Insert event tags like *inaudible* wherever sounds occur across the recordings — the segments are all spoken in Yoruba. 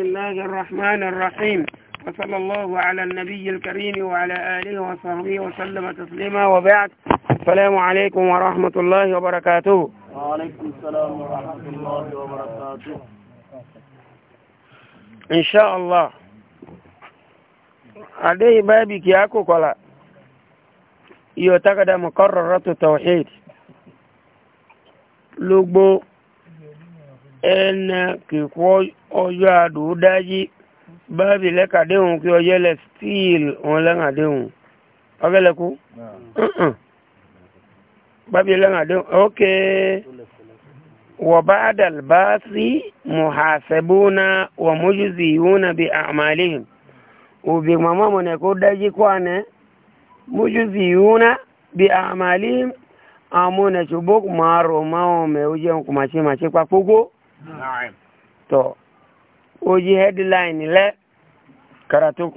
بسم الله الرحمن الرحيم وصلى الله على النبي الكريم وعلى آله وصحبه وسلم تسليما وبعد السلام عليكم ورحمة الله وبركاته وعليكم السلام ورحمة الله وبركاته إن شاء الله عليه بابك يا كوكولا يعتقد مقررة التوحيد لوبو ẹnẹ kìkọ́ ọjọ́ àdó dájí báàbí lẹ́kàdéhùn kí ọjọ́ lẹ stíìl wọn lẹ́kàdéhùn ọgẹ́lẹ́kú báàbí lẹ́kàdéhùn ok wọ̀bá àdàlbá sí mùhàṣẹ́bùnà wọ̀mójúzì ìhùnà bí àmàlẹ́yìn òbí màmá mọ̀nà kó dájí kọ́ àná mójúzì ìhùnà bí àmàlẹ́yìn àmúnà ṣùgbọ́n kùmà rọ̀ máa wọn mẹ́ jẹun kùmà ṣe màṣípa gbogbo to oji headline le karatu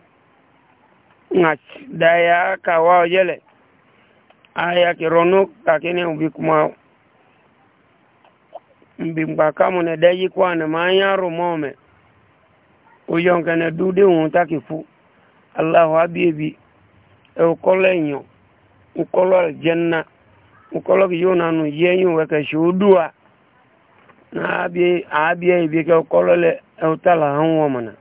ngach daya ka wao jele aya kironu kakini ubikuma mbimbakamu ne dayi kwane manyaru mome uyonkene dude untakifu allahu abiyebi eukolenyo ukolo aljanna ukolo kiyonanu yenyu wekeshuudua na abia abia ibi ka kolole utala hanwo mana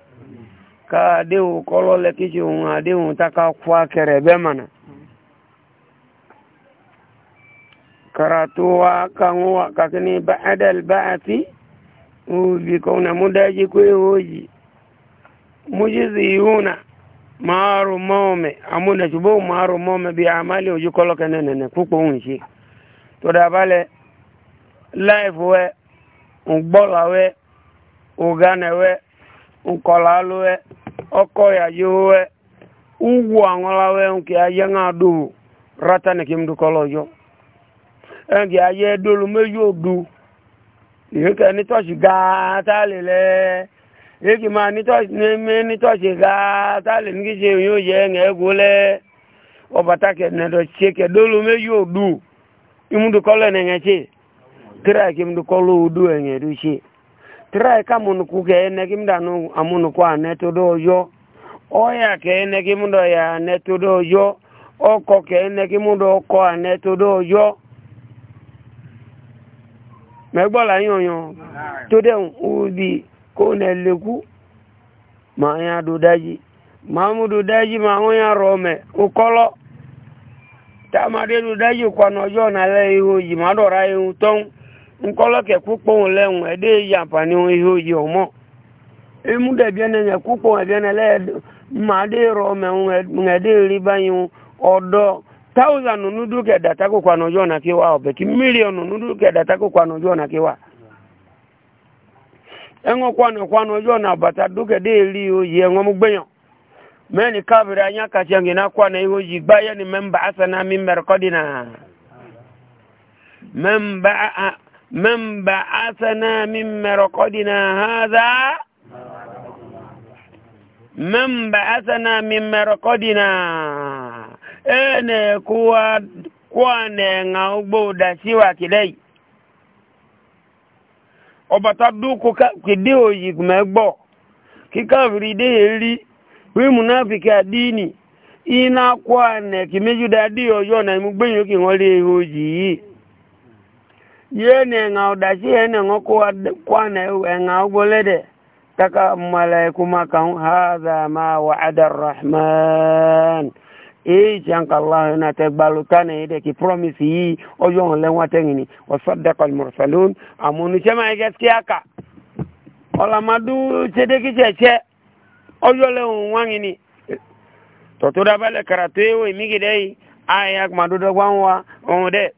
ka de o kolole kichi un ade un ta ka kwa kerebe mana karatuwa kan wa kakini ba'dal ba'ati ubi kauna mudaji kwe hoji mujizi yuna maaru mome amuna chubo maaru mome bi amali ojukoloke nenene kuko unshi to dabale life we ŋgbɔlawe ŋganewe ŋkɔlalowe ɔkɔyayowe ŋwuaŋɔlawe ŋke ayeŋa do ratani kemdu kɔlɔyɔ ŋke aye dolo meyo do yeke nitɔsi gaata le lɛ yeke ma nitɔsi neme nitɔsi gaata le nikise yo ye ŋa ego lɛ ɔbata kɛ nɛdɔ tse kɛ dolo meyo do imudu kɔlɔ nɛŋɛ tira kim du kolu du enye du shi tira ka mun ku ke ne kim da nu amun ku ane to do yo o oh, ya ke ne kim do ya ne to do yo oh, o ko ke ne ane to yo me gbo la yan yan leku ma ya daji mamudu daji ma rome ukolo tamade du daji kwa nojo na le ihu jimadora ihu nkɔlɔkɛ kpokpɔn lɛ ŋu yampani yamfani ŋu ihe oyi ɔmɔ emu dɛ bia ne nya kpokpɔn bia ne lɛ ma de rɔ mɛ ŋu ɛdi yi ŋu ɔdɔ thousand nudu kɛ data ko kɔ anɔjɔ na ke wa ɔbɛ ti million nudu kɛ data ko kɔ anɔjɔ na ke wa ɛŋɔ kɔ anɔ kɔ na bata do kɛ de ri oyi ɛŋɔ mu gbɛnyɔ mɛ ni kabiri anya katsɛ ŋgena kɔ anɔ ihe oyi gba yɛ ni mɛmba asana mi mɛrɛ kɔ di na mɛmba a. من بعثنا من مرقدنا هذا من بعثنا من مرقدنا أنا كوا كوانا نعبو دسيوا كلي ọba tá dúkú kéde òyì mẹ́gbọ́ kí káfìrí dé èrí wí múnáfìkì àdínì iná kó ànẹ̀kì méjìdá dí ọjọ́ náà mú gbẹ̀yìn òkè wọ́n lé òyì yìí yene nga odasi yene ngo kwa kwane nga ubolede taka malaiku makau hadha ma wa'ada arrahman ee janka allah na te balutane ide ki promise yi ojo le wate ngini wa saddaqa al mursalun amunu chema gaskiya ka ola madu chedeki ki cheche ojo le wangini to to bale karatu migi dei ayak madu da wanwa onde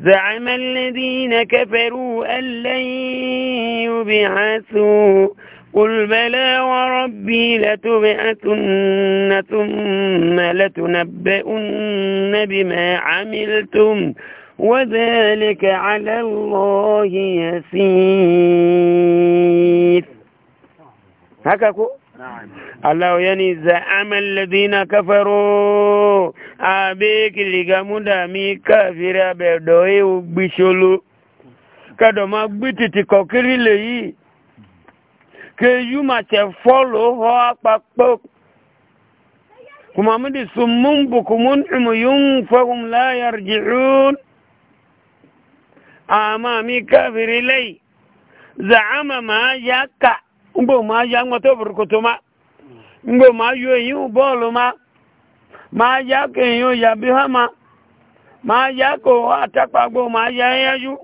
زعم الذين كفروا أن لن يبعثوا قل بلى وربي لتبعثن ثم لتنبؤن بما عملتم وذلك على الله يسير هكذا Allah yani za'amal ladina kafaru abeki ligamuda mi kafira be doye ugbisholo kado ma gbititi kokiri leyi ke yu ma che follow ho apapo kuma mudi summun bukumun umyun fahum la yarji'un ama mi kafiri lay za'ama ma yaka ngbo ma ya ngoto burkutu ma ngbo ma yo yin bolu ma ma ya ke yin ya bi ha ma ma ya ko atapa gbo ma ya yaju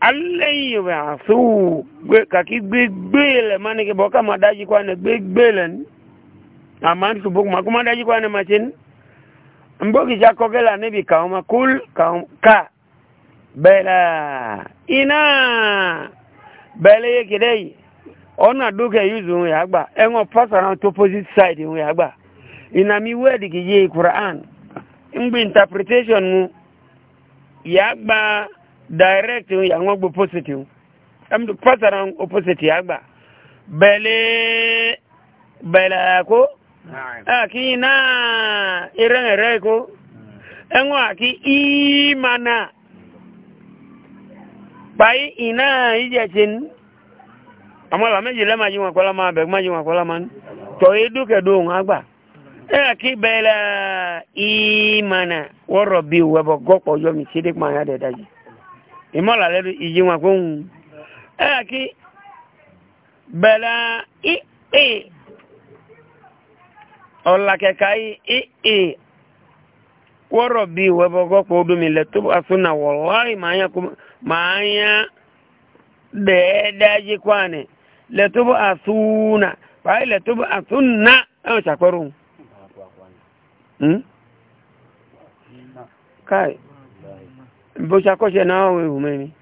alayhi wa su gbe ka ki gbe gbe le ma ni ke boka ma daji kwa ne gbe gbe le ni aman su bok ma kuma daji kwa ne ma chin mbo ki ja ko gela ne bi ka ma kul ka um, ka bela ina bele yake dai ona duke yuzu nwe agba engo pasa na opposite side nwe agba ina mi wedi ki ye Quran ngbi interpretation mu ya agba direct ya ngo gbo positive am du pasa na opposite ya agba bele bele ko aki na irene re ko engo aki imana pai ina ijetin àmọ́ làmé yìí lẹ́mà yìí wọn kọ́lá máa bẹ̀ má yìí wọn kọ́lá máa ní tọ́ edú kẹ̀dọ̀ òun àgbà ẹ̀ kí bẹ́ẹ̀lẹ̀ ìmànà wọ́rọ̀ bí wẹ́bọ̀ gọ́pọ̀ yọ mi sí dẹ́kun àyà dẹ̀dá yìí ìmọ̀là lẹ́nu ìyí wọn kó ń ẹ̀ kí bẹ́ẹ̀lẹ̀ ìpè ọ̀là kẹ̀kà ìpè wọ́rọ̀ bí wẹ́bọ̀ gọ́pọ̀ ọdún mi lẹ́tọ́ asúnà wọ̀lá ìmọ̀ àyà dẹ̀ẹ́dájí kwani. letubu athuna pai letubu athuna ayo chakoru hmm? kai mbo chakoshe nao we umemi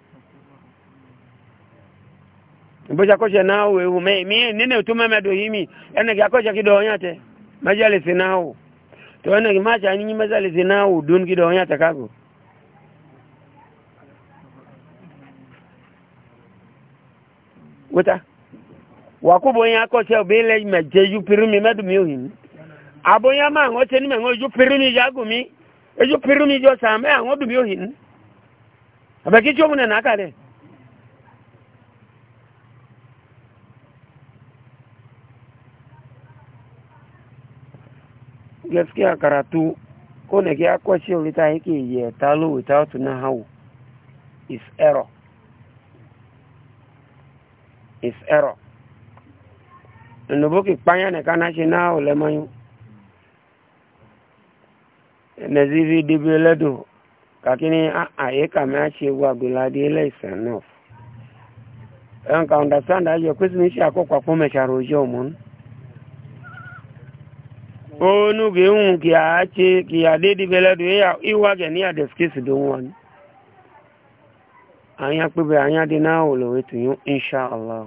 mbo chakoshe nao we umemi nene utume medu himi ene kakoshe kidonyate majali sinao tuwene kimacha nini majali sinao dun kidonyate kago wuta wakubo nya akɔsɛ obe lɛ mɛdze ju pirimi mɛdumi oyin abo nya ma aŋɔ tse nimɛ ŋɔ ju pirimi dza gumi eju ma dzo sa mɛ aŋɔ dumi oyin abe kitso mu nana aka dɛ gaskiya karatu ko na ki akɔsɛ olu ta yake yɛ talo without nahaw is error is error. nuboki kpanya ne kana si na o le manyu ne zivi dibi le kakini a a ye kame a si wa gbola di ele is enough ɛn ka understand ayo kwesi mi si akɔkɔ akpɔmɛ si aro ojo mun onu ke ŋun kia ati kia de dibi le do e iwa kɛ ni adeskesi do ŋun anya kpebe anya di na o wetu yu inshallah.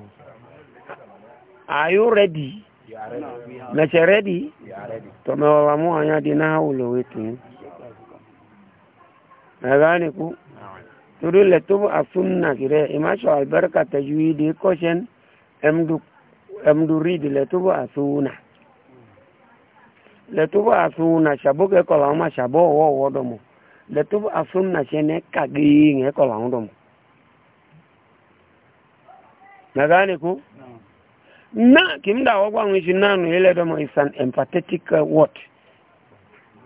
Are you ready? You are ready. Meche ready? You are ready. Tumewalamu anya dina ulo wetu. Nagani ku? Turu letubu asunna kire. Imasho albarka tajwidi koshen emdu emdu ridi letubu asuna. Letubu asuna shabuke kola ma shabo wo wodomo. Letubu asunna shene kagi nge kola undomo. Nagani ku? No. na kimda wagwa ngishi nanu ile domo is an empathetic uh, what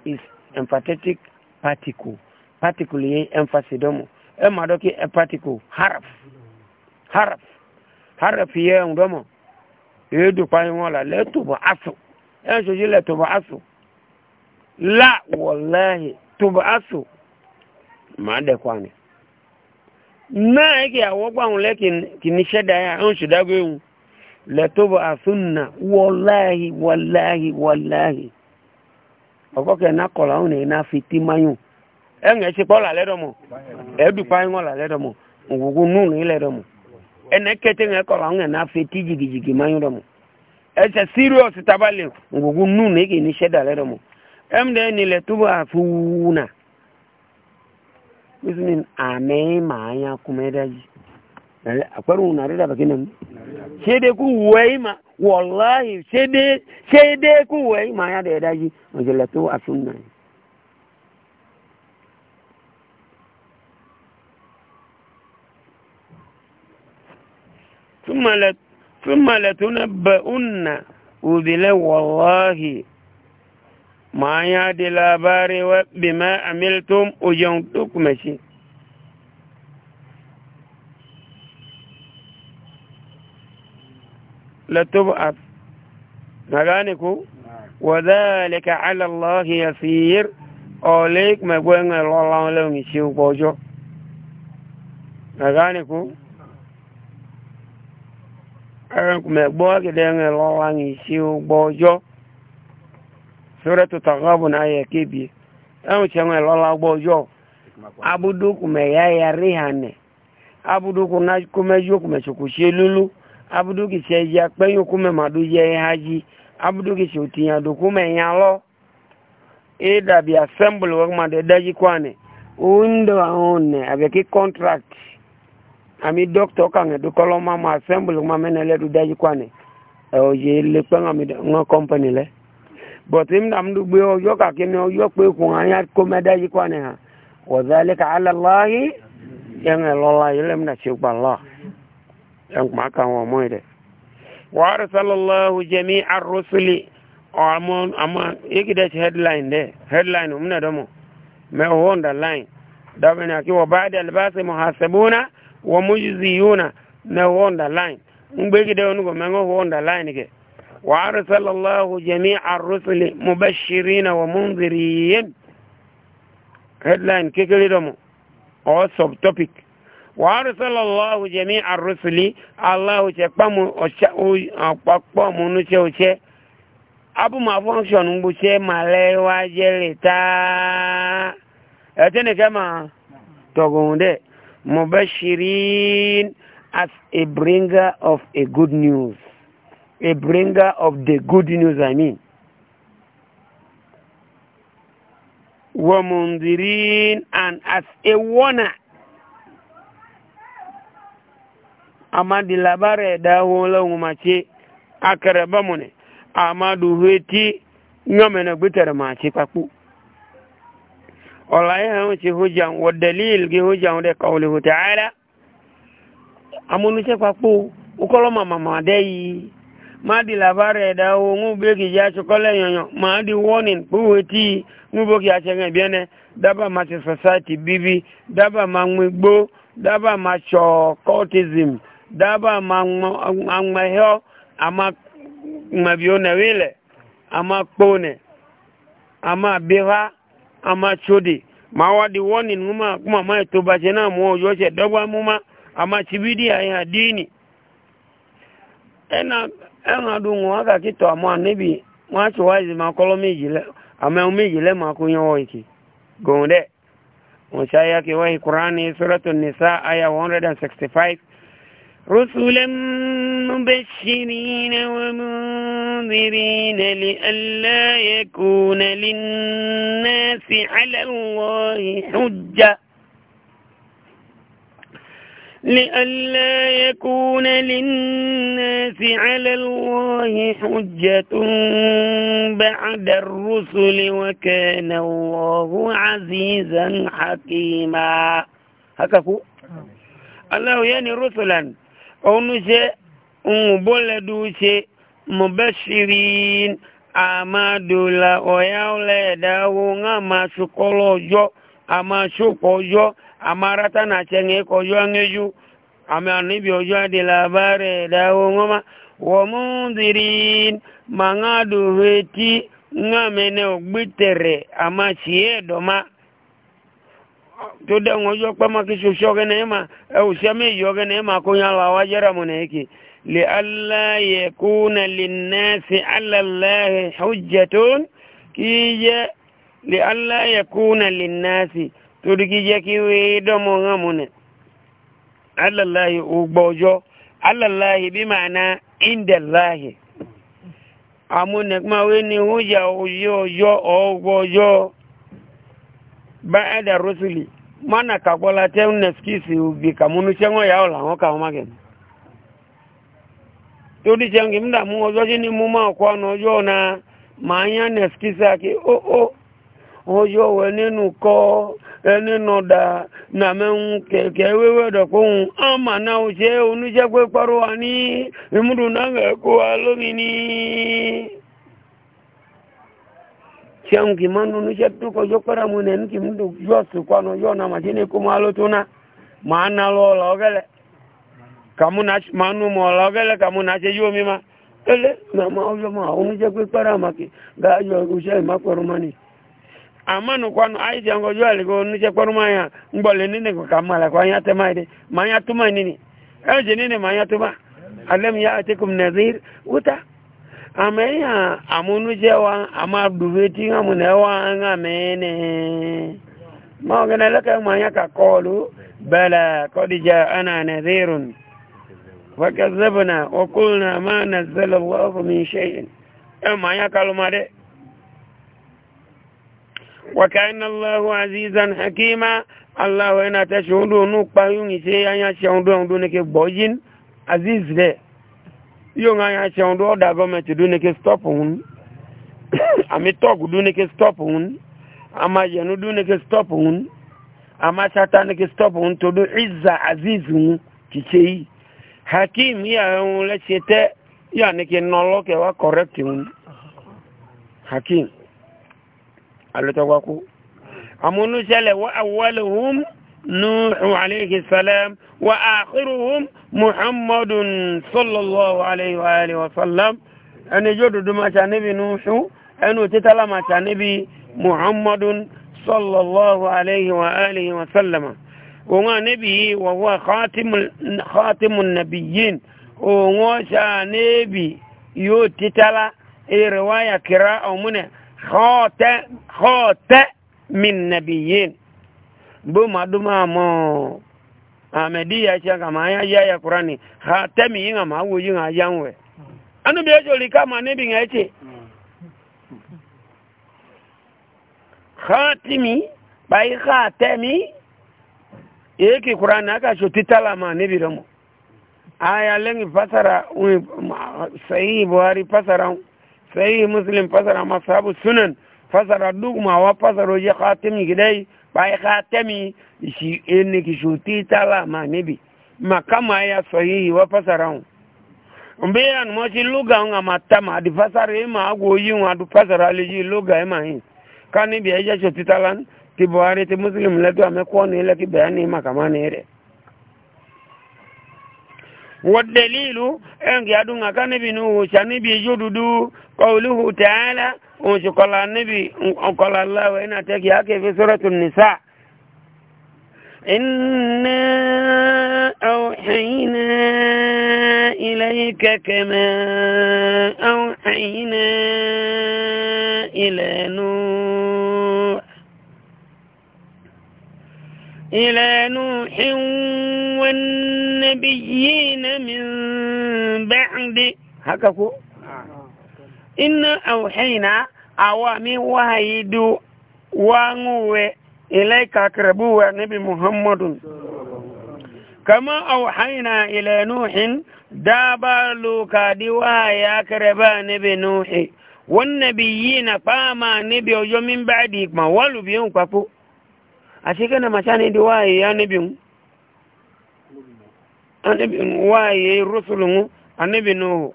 is empathetic particle particle ye emphasis domo e madoki e particle harf harf harf ye ndomo ye du pa won la le to bo asu e so je le to bo asu la wallahi to bo asu ma de kwani na ege awogwa nle kin kin sheda ya on sheda go ehun lẹ́tọ́bọ̀ àsúnnà wọláhì wọláhì wọláhì ọ̀kọ́kẹ́ náà kọ̀lá òun ní náà fi tí máyùn ẹ̀ǹgẹ̀ ṣe pọ́ làlẹ́dọ̀mọ̀ ẹ̀ẹ́dùpá ń wọ́n làlẹ́dọ̀mọ̀ lẹ́dọ̀mọ̀ kẹ́tẹ́ kọ̀lá náà fi tí jìgìjìgì dọ̀mọ̀ tabalẹ̀ Eh, akwai wunare da bakin nan sai dai ku wai ma wallahi sai dai ku wai ma ya da ya daji majalatu a sunna ثم لتنبؤن وبلا والله ما يا دي لاباري بما عملتم وجنتكم شيء لتبعث مغانيكو وذلك على الله يسير أوليك مغوين الله لهم يشيو بوجو مغانيكو مغبوك دين الله يشيو بوجو سورة تغابن آية كبير أنا شمع الله بوجو abudu kumeyaya rihane abudu kunakumejukumeshukushilulu abudu kìsẹ ya kpẹyìn kú mẹma do yẹ ha dzi abudu kìsẹ òtìyàn do kú mẹ yàn lọ ẹ dàbí assembly wọn ma dẹ dájí kó ànẹ òun dọ àwọn ọnẹ àbẹkí contract àmì dọkítọ kàngẹ do kọlọ ma ma assembly wọn ma mẹnẹ do dájí kó ànẹ ẹ ọ yẹ lé mi ńà company lẹ bọ̀tí mi nàm dùgbé ọjọ́ kàkí ni ọjọ́ pé kùn àyà kó mẹ dájí kó ànẹ hàn wọ́n zálẹ́ kà á lẹ́ láàyè yẹn ń lọ́la yẹn lẹ́mìnà ṣe gbà lọ́à ẹnkùnmá kan wọn mọ́ rẹ̀ wàhálà sálọ́láhu jẹ́mi arúsùlì ọmọ àmọ́ yíkìdẹ̀ ṣe headline dẹ̀ headline òmìnira dọ́mọ̀ mẹ́wọ́ underline dábìnrin àti wọ́n bá dé alibásẹ̀ mọ̀hásẹ̀bùnà wọ́n mú yìí yúnà mẹ́wọ́ underline ń gbégidẹ̀ onígbò mẹ́wọ́ underline kẹ̀ wàhálà sálọ́láhu jẹ́mi arúsùlì mubashirina wọ́n mú nzìrìyìn headline kékeré dọ́mọ̀ or subtopic wàhálùsọ́lọ̀ lọ́wọ́ jẹ̀mí àrùsùlì aláwòṣẹ́ pàpọ̀ múnúṣẹ́ òṣẹ́ abúmọ̀ fọ́nṣọ̀n gbòṣẹ́ màlẹ́wà jẹ́lẹ̀ táà ẹ̀tẹ́nìkẹ́ máa tọ̀gùn dẹ̀ mo bẹ́ ṣìrín as a bringer of a good news a bringer of the good news i mean wọ́n mọ̀ ń and as a warner Amadi labare labara ya dawo lawu mace akara ba mu ne amma duhu ti ngame na gutar mace papu wala ya hawo ci hujan wa dalil gi hujan da qawlihu ta'ala amunu ce papu ukolo mama ma dai ma di labara ya dawo ngu begi ya chokole yonyo ma di warning buwe ti ngu boki ya chenge biene daba ma society bibi daba ma ngbo daba ma cho cultism daba ma ŋma hɛ ama ŋmabio ne wele ama kpone ama biha ama tsodi ma wa di wɔni ŋuma kuma ma eto base na mo yɔ sɛ dɔgba muma ama tibidi ayi ha diini ɛna ɛna do ŋun aka kitɔ amu anabi wọn atsi wa zi ma kɔlɔ meji lɛ amɛwo meji lɛ ma ko nyɛ wɔ eke gɔn dɛ wọn si ayake kuran ni sɔrɔtɔ nisa aya one hundred and sixty five. رسلا مبشرين ومنذرين لئلا يكون للناس على الله حجة لئلا يكون للناس على الله حجة بعد الرسل وكان الله عزيزا حكيما هكذا الله يعني رسلا onuse nbọleduuse mubashirin amadola ọyaula ẹdawo ŋa ma sukọlọ ọjọ ama sukọ ọjọ amarata na cẹŋe kọjọ aŋeju ami anibi ọjọ adela abara ẹdawo ŋọma wọmundirin ma ŋa doheti ŋa mene ogbitere ama sie dọma tó dẹ̀ ń ọjọ́ pẹ́ máa kí ṣoṣọ́ ọgẹ́ náà ma ẹ̀wù sẹ́mi ìyọ́ ọgẹ́ náà ma kó yàn láwa jẹ́ra mọ̀ náà kì lè aláyẹ̀ kú na lè nẹ́ẹ̀sì alàlẹ́hẹ̀ ọjẹ́ tó kí yẹ lè aláyẹ̀ na lè nẹ́ẹ̀sì torí kí yẹ kí wé dọ́mọ̀ hàn mọ̀ náà alàlẹ́hẹ̀ ògbọ́ ọjọ́ alàlẹ́hẹ̀ bí màá na ìndẹ̀láhẹ̀ àmúnẹ̀kùnmáwé ni ó yà ọjọ́ ọgbọ́ ọjọ́ ba'da rusuli mana ka gola te neskisi ubi kamunu chengo yao la ka omage tudi chengi mda mu ozo ni muma kwa nojo na manya neskisi aki o o ojo na men keke wewe do ko ama na o je onu je pe paro tiang kimanu ni jatu ko jokora munen kim du yosu kwano yona majini kumalo tuna maana lo logele kamu na manu mo logele kamu na je yomi ma ele na ma oyo ma unu je pe para ma ki ga yo use ma korumani amanu kwano ai jango jo ali ko ni je koruma ya ngbole nini ko kamala kwa ya temaide ma ya tuma nini eje nini ma ya tuma alam ya atikum nadhir uta ameya amunujewa amaduveti amunewa ngamene maogena leke manya kakolu bala qad jaana nadhirun fakazabna wa qulna ma nazzala Allahu min shay'in na kalumade وكان الله عزيزا حكيما الله هنا تشهدون نقبا anya سي انيا شوندون دونك بوجين Aziz ده iyo nga ya che ndo da government do ne ke stop hun *coughs* ami talk do ne ke stop hun ama yenu do ne ke stop hun ama chata ne ke stop hun to do izza aziz hun chichei hakim ya hun le chete ya ne ke nolo ke wa correct hun hakim alotagwa ku amunu sele wa awwaluhum nuhu alayhi salam wa akhiruhum محمد صلى الله عليه وآله وسلم أن جدد ما نبي نوح أن تتلى ما نبي محمد صلى الله عليه وآله وسلم وما نبي وهو خاتم خاتم النبيين وما نبي يو تتلى رواية كراء من خاتم خاتم من نبيين بما دمامو amediya cha kama ya ya ya Qur'ani ha temi yinga mawu yinga yanwe anu bi ejo likama ne bi ngache khatimi bai khatemi yake Qur'ani aka so titala ma ne bi romo aya lengi fasara sahi Buhari fasara sahihi Muslim pasara masahabu sunan fasara duguma wa fasaro ye khatimi gidai bai khatimi shi ene ki shuti tala ma nebi ma kama ya sahihi wa fasara mbiya no shi luga nga matama di fasara e ma go yi wa du fasara le ji luga e ma hin kani bi eja shuti talan ti buhari ti muslim le to ame ko ni le ki bayani ma kama ne re والدليل أن يدعو كان بنوه شان بيجود قوله تعالى وشكل النبي قال الله وإن أتاك ياك في سورة النساء إنا أوحينا إليك كما أوحينا إلى نوح إلى نوح والنبيين من بعد هكذا إنا أوحينا awami wahayidu wanguwe ilaika wa nabi muhammadun kama auhaina ila nuhin dabalu kadi wahaya karaba nabi nuhi wannabiyina fama nabi ojo min ba'di ma walu biyun kwafu asika na machani di wahaya nabi wahaya rusulun anabi nuhu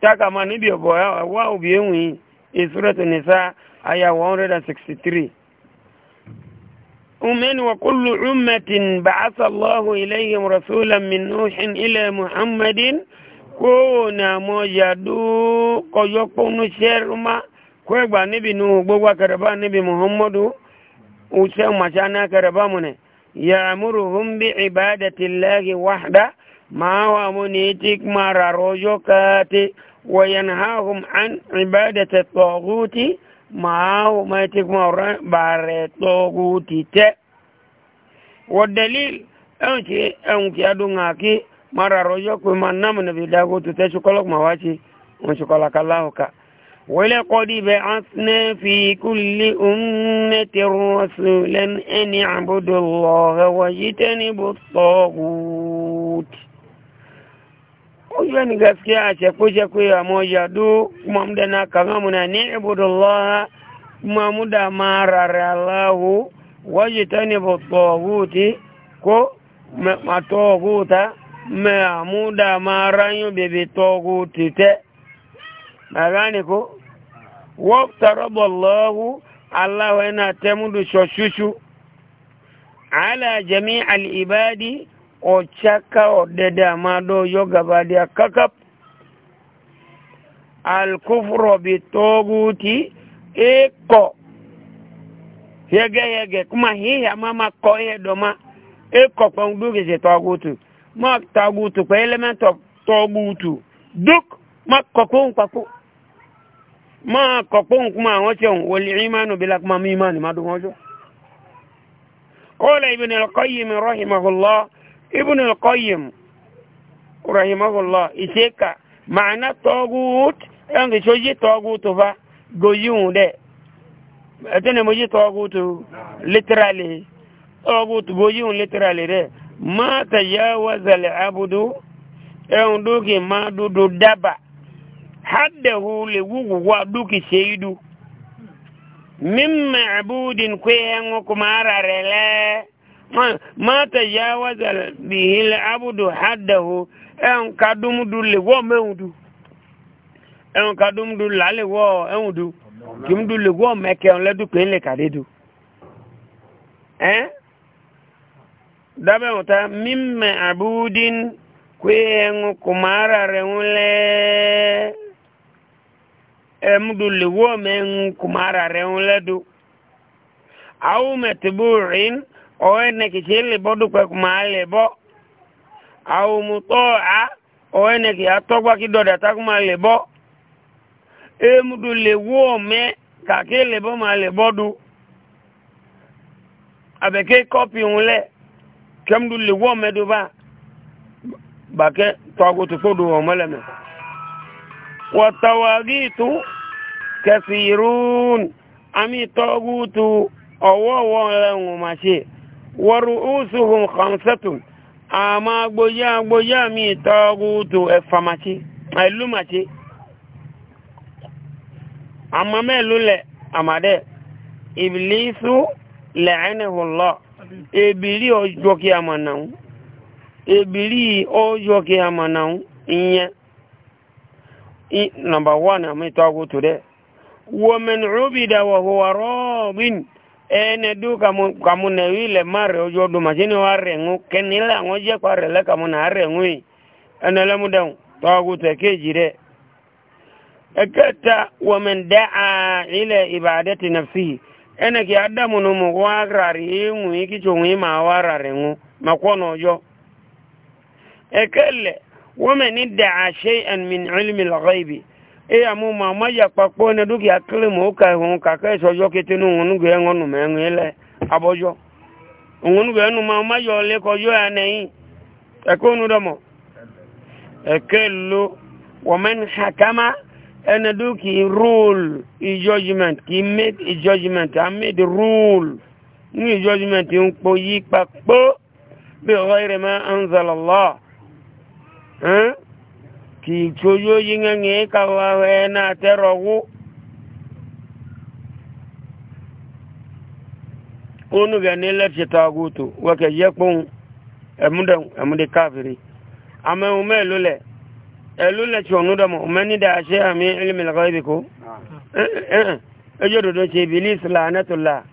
taka ma nabi obo wa obi enwi ìsúrẹ́tù nìsá àyà 163 أمين وكل أمة بعث الله إليهم رسولا من نوح إلى محمد كونا موجدو كيوكو نشيرما كوكبا نبي نوح بوا كربا نبي محمد وشام مشانا كربا منه يأمرهم بعبادة الله وحده ما وامنيتك ما راروجو كاتي وينهاهم عن عبادة الطاغوت معه ما تكمر بار الطاغوت ت والدليل أنك أنك أدناك مرة رجوك ما نام نبي داغوت تشكلك مواشي وشكلك الله كا ولقد بعثنا في كل أمة رسولا أن اعبدوا الله واجتنبوا الطاغوت huyo ni gaskiya chakusha kuya moja du kumamda na kang'amu na ni'budullaha mamuda mararalahu wajitanibu tawuti ko matoguta mamuda maranyu bibi toguti te magani ko waqtaraba allahu allahu ina temudu shoshushu ala jami'al ibadi ochaka odede amado yogabadia kakap alkufro bitoguti iko yege yege kuma hiya mama koye doma iko kwa mduge se togutu mak togutu kwa element of togutu duk mak kokun kwa ku ma kokun kuma wote wal imanu bila kuma imani madu ngojo qala ibn al qayyim rahimahullah ibn al-qayyim rahimahullah iseka maana togut engi choji togutu ba goyun de atene moji togutu literally togutu goyun literally de ma tajawaza al-abdu en duki ma dudu daba haddahu li wugu wa duki seidu Mimma ma'budin kwe en kuma rarele ma ta ya waza bihi abudu haddahu en ka dumudu le wo mewudu en ka la le wo enwudu kimdu le wo meke on le du pe le kare du eh dabe wata mimme abudin kwe en kumara reule emdu le wo men kumara reule du aw matbu'in ọ̀ẹ́nẹ̀ kichili lè bọ́ dúpẹ́ kò máa lè bọ́ àwọn òmùtọ́ à ọ̀ẹ́nẹ̀ kìí atọ́gbá kí dọ̀dà tá kò máa lè bọ́ èmùdù lè wú ọ̀mẹ́ kàkí lè bọ́ máa lè bọ́ du àbẹ̀kẹ́ kọ́pì ń lẹ̀ kẹ́mùdù lè wú ọ̀mẹ́ du bá bàkẹ́ tọ́gù tó fò du ọ̀mọ́lẹ̀mẹ́ wọ̀tọ̀wọ̀gì tó kẹfì ورؤوسهم خمسة أما بويا بويا مي تاغوت أفماتي ألوماتي أما ملولة أما ده إبليس لعنه الله ebili ojo ki ama naun ebili ojo ki ama naun one woman ene du kamu kamu ne wile mare ojo du majini wa rengu kenila ngoje kwa rele kamu na rengu ene le mudan tawagu te kejire ekata wa man da'a ila ibadati nafsihi ene ki adamu no mu wa rari ngu iki chungu ma wa rari makono ojo ekele wa man da'a shay'an min ilmi al-ghaibi iya mu ma ma ya kpakpo ne duki akili mu ka e hun ka ka so yo kete nu ngunu ge ngonu me ngile abojo ngunu ge nu ma ma yo le ko yo anei e ko nu domo e kello wa man hakama ana e duki rule i judgment ki made i judgment i made rule ni judgment un po yi kpakpo bi ghayri ma anzalala allah kichoyo yinga nge kawawe na terogu onu ga ne lefye tagutu wake yekpon emunde emunde kafiri ame ume lule elule chonu damo umeni da ashe ami ilmi lagaibi ko ah. eh, eh, eh, ejododo che bilis lanatullah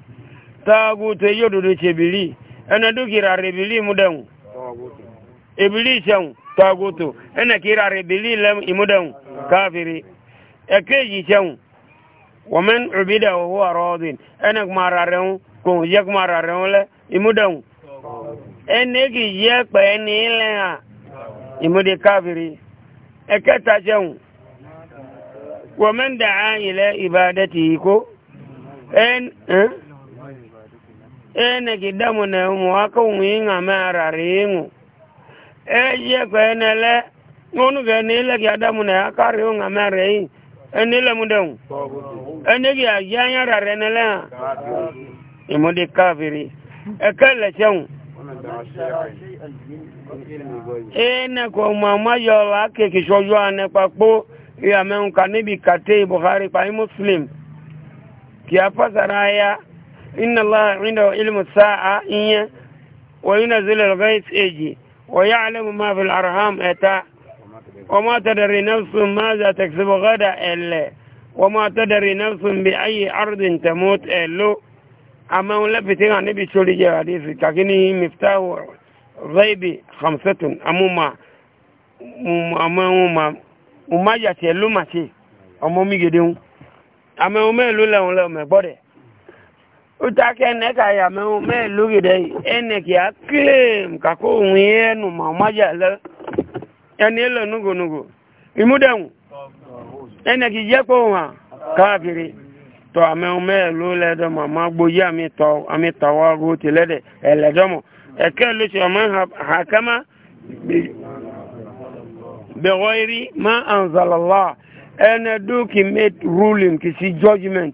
tagutu ejododo che bili ene dukira rebili mudengu ebili chengu tagutu ina kira rebili lam imudan kafiri ekeji chen wa ubida wa huwa radin ina mararen ko je mararen le imudan ene gi je pe ni le ha imudi kafiri eketa chen wa da'a ila ibadati ko en eh ene gidamu na mu aka mu inga mararen eji eh, ekwe enele ŋonu ke ne le kia demu ne akari wo ŋame re yi ene le mu de ŋu ene kia ya nya ra re ne le hã emu de kaviri eke le tse ŋu ene ko mama yɔ la keke sɔ yɔ ane kpakpo ya me ŋu ka ne bi kate buhari kpa muslim kia pasara ya inna allah inda ilmu sa'a iye wa yunazilul ghais eji ويعلم ما في الأرحام أتا وما تدري نفس ماذا تكسب غدا إلا وما تدري نفس بأي أرض تموت إلا أما ولا بتين عن نبي شولي جهاديسي كاكيني مفتاح غيبي خمسة أموما أموما أموما يتلو ماشي أمومي جديون أموما لولا ولا مبادئ utake neka ya me me lugi dai ene ki aklem ka ko wienu ma maja le yani lo nugo nugo imudan ene ki je ko wa kafiri to ame me lu le do ma ma gboya mi to ami tawago ti le de ele do mo e ke lu ti ma ha kama bi ghairi ma anzala allah ene du ki met ruling ki si judgment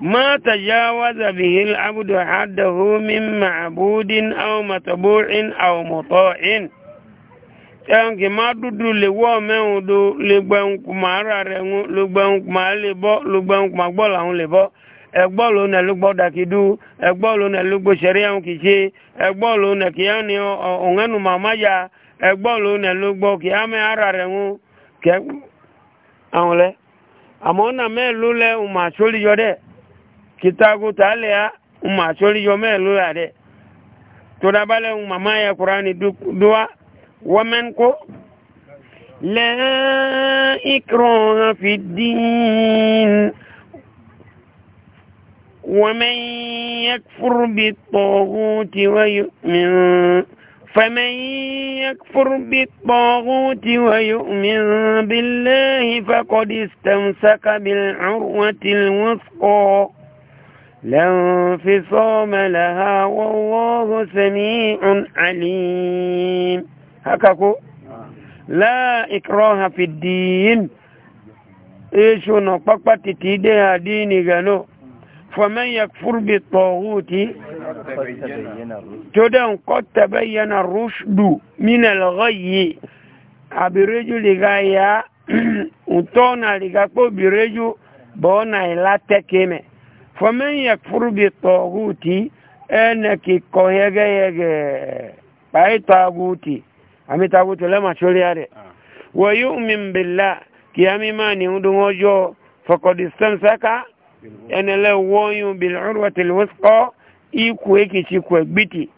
ما تجاوز به العبد حده من معبود أو متبوع أو مطاع ẹnkì má dúdú lè a do lè ara rẹ̀ ń lè lè bọ́ lè gbọ́ làwọn lè bọ́ ẹgbọ́ ló nà ló gbọ́ dàkídú ẹgbọ́ ló nà ló gbọ́ sẹ̀rí àwọn kì í ṣe ẹgbọ́ ló nà kì í ní ọ̀ngẹ́nu màmá ya ẹgbọ́ ló nà ló gbọ́ kì í ara rẹ̀ ń kitabu taalea ma sori yo melu ya de to da bale ma ma ya qur'ani duwa wamen ko la ikraha fi din ومن يكفر بالطاغوت ويؤمن فمن يكفر بالطاغوت ويؤمن بالله فقد استمسك بالعروة الوثقى لا انفصام لها والله سميع عليم هكاكو لا إكراه في الدين إيشو نقبق تتيديها ديني قالوا فمن يكفر بالطاغوت تدن قد تبين الرشد من الغي abiriju liga ya utona liga ko biriju bona فمن يكفر بالطاغوت انك كوهيغا يغا باي طاغوتي امي طاغوت لما شورياري ويؤمن بالله كيامي ما نيودو جو فقد استمسك ان لو ويو بالعروة الوثقى ايكو ايكي تشيكو بيتي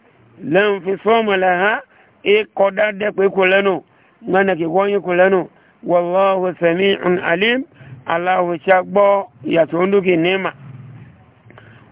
لن في صوم لها اي قدر دكو ايكو لنو مانك ايكو لنو والله سميع عليم الله شاكبو يتوندك نعمه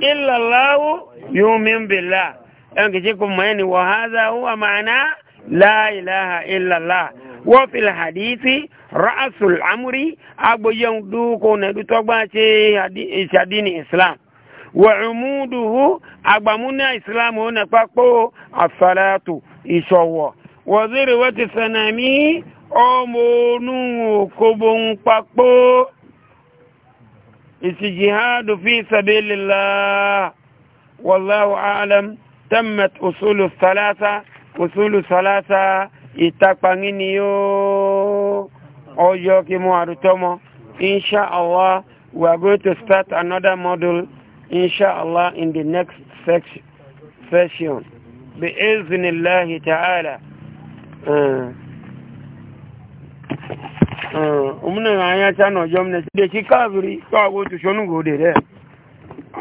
illallahu yumin billah yan kici kuma ni wa hadha huwa ma'ana la ilaha illallah wa fil hadithi ra'sul amri agboyen du ko ne du ishadini gba se hadini islam wa umuduhu agbamuna islam ona papo as-salatu isowo wa zirwati sanami ọmọ onú الجهاد في سبيل الله والله أعلم تمت أصول الثلاثة أصول الثلاثة يتقنينيو أوجوكي معرتمو إن شاء الله we are going to start another module inshallah in the next section session بإذن الله تعالى uh. umuna eh, na anya cha na ọjọọ ne de chi ka to ago shonu go de re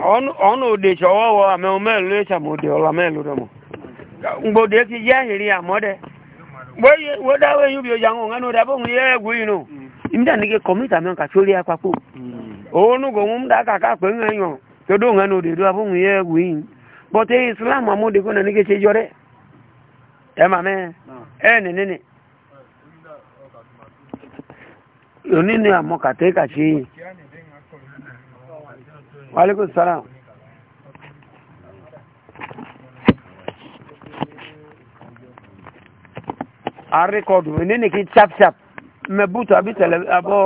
on ọwọwọ de cho wo ame ki ye hiri amode wo ye wo da we yu ya ngo ngano da bo ngi mm. nige ka chori apapo onu go da ka ka pe ngan to do ngano ode do abo ngi ye gu inu islam amụ na ma onínú àmọ́ kàtẹ́kà ṣe yìí wàlékún sára àríkọ̀dù onínú kí chapchap mẹ́bùtù àbí tẹ̀lẹ̀ abọ́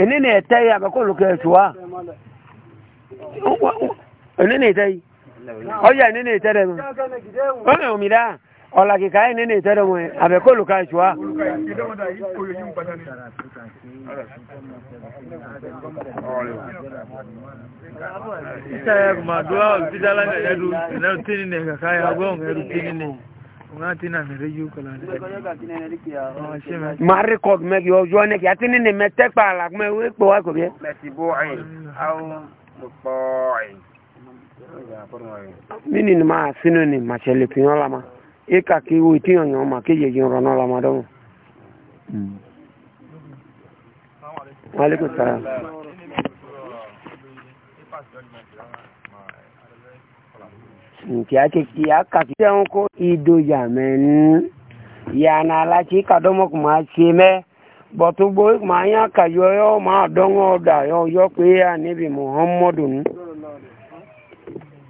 onínú ẹ̀tẹ́ yìí àkọ́kọ́ olùkẹ́ ẹ̀ṣùwà onínú ẹ̀tẹ́ yìí ọjà nínú ìtẹ́rẹ̀ mọ́ ọ̀nà òmìnira ọ̀là kìkà ẹ̀ nínú ìtẹ́rẹ̀ mọ́ àbẹ̀kọ́lù ká ìṣúwá. ìṣàyẹ̀ kùmàdúrà ọ̀sídàlá ẹ̀rù ẹ̀rù tí nìyẹn kàkà ẹ̀ agbóhùn ẹ̀rù tí nìyẹn. ma record mɛ k'i ɔjɔ ne k'i ati ne ne mɛ tɛ kpa la mɛ o ye kpɔ wa ko bi. mɛ ti bɔ ayi aw kpɔ ayi mini ni maa sinu ni machele pinyo lama ika ki wo ti yon yon ma ki ye yon rono lama don mm. alaikum salam nti ake ki aka ki yon ko ido ya men ya na la ki ka domo kuma se me bọ̀tún gbogbo ìgbà yín àkàyọ yọ máa dánwọ́ ọ̀dà yọ yọ pé àníbi muhammadu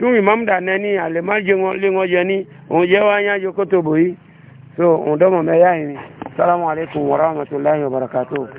tún imam dànẹ́ ní àlèmájẹ wọn lé wọn jẹ ní òun jẹ́ wá yájú kótó bòyí so òun dọ́mọ̀ mẹ́yà yìí salamu alaikum wa rahmatulahi wa barakatuh